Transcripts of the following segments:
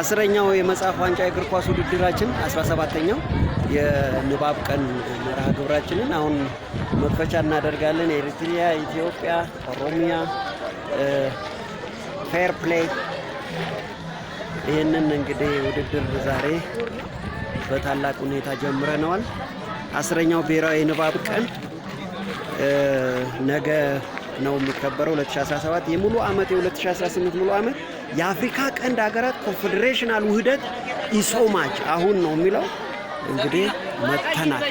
አስረኛው የመጽሐፍ ዋንጫ የእግር ኳስ ውድድራችን 17 ሰባተኛው የንባብ ቀን መርሃ ግብራችንን አሁን መክፈቻ እናደርጋለን። ኤሪትሪያ፣ ኢትዮጵያ፣ ኦሮሚያ፣ ፌር ፕሌይ ይህንን እንግዲህ ውድድር ዛሬ በታላቅ ሁኔታ ጀምረነዋል። አስረኛው ብሔራዊ የንባብ ቀን ነገ ነው የሚከበረው 2017 የሙሉ ዓመት የ2018 ሙሉ ዓመት የአፍሪካ ቀንድ ሀገራት ኮንፌዴሬሽናል ውህደት ኢሶማች አሁን ነው የሚለው እንግዲህ መተናል።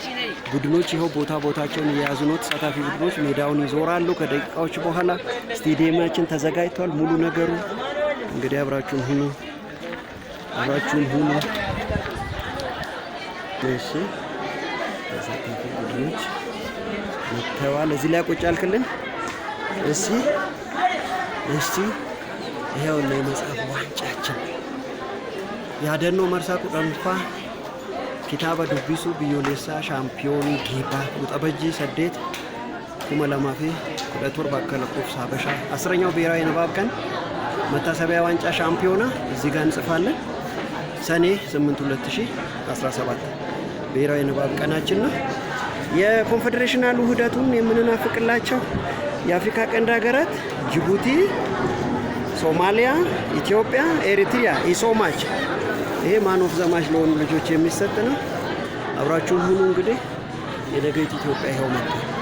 ቡድኖች ይኸው ቦታ ቦታቸውን እየያዙ ነው። ተሳታፊ ቡድኖች ሜዳውን ይዞራሉ። ከደቂቃዎች በኋላ ስቴዲየማችን ተዘጋጅቷል። ሙሉ ነገሩ እንግዲህ አብራችሁን ሁኑ፣ አብራችሁን ሁኑ። እሺ፣ ተሳታፊ ቡድኖች መጥተዋል። እዚህ ላይ ቁጭ አልክልን እሺ እሺ። ነው የመጽሐፍ ዋንጫችን ያደኖ መርሳ ቁጠንፋ ኪታባ ዱቢሱ ቢዮሌሳ ሻምፒዮን ጌባ ውጠበጂ ሰዴት kuma lamaa fi kudha ሳበሻ አስረኛው ብሔራዊ ንባብ ቀን መታሰቢያ ዋንጫ ሻምፒዮና እዚህ ጋር እንጽፋለን። ሰኔ 8 2017 ብሔራዊ ንባብ ቀናችን ነው። የኮንፌዴሬሽናል ውህደቱን የምንናፍቅላቸው የአፍሪካ ቀንድ ሀገራት ጅቡቲ፣ ሶማሊያ፣ ኢትዮጵያ፣ ኤሪትሪያ ኢሶማች ይሄ ማን ኦፍ ዘማች ለሆኑ ልጆች የሚሰጥ ነው። አብራችሁ ሁኑ። እንግዲህ የነገይቱ ኢትዮጵያ ይኸው መጥቷል።